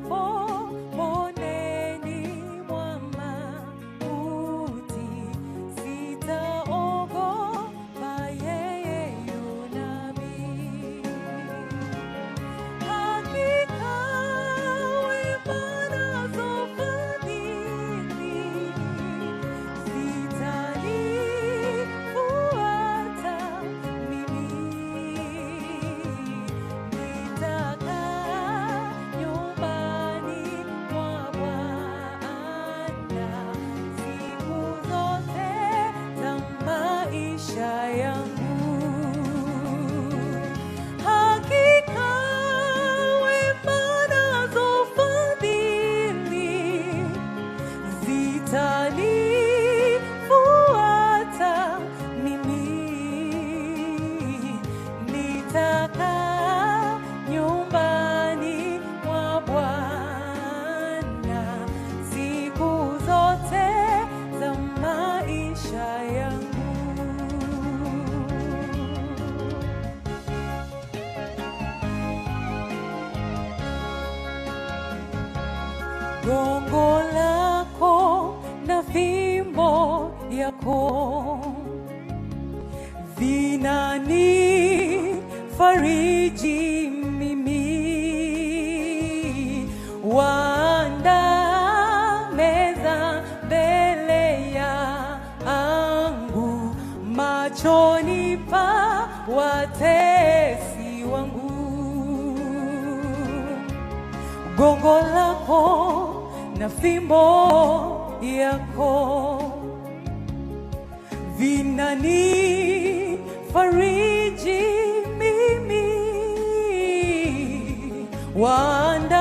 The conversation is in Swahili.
for gongo lako na fimbo yako vinani fariji mimi wanda meza mbele angu machoni pa watesi wangu gongo lako na fimbo yako fariji mimi Wanda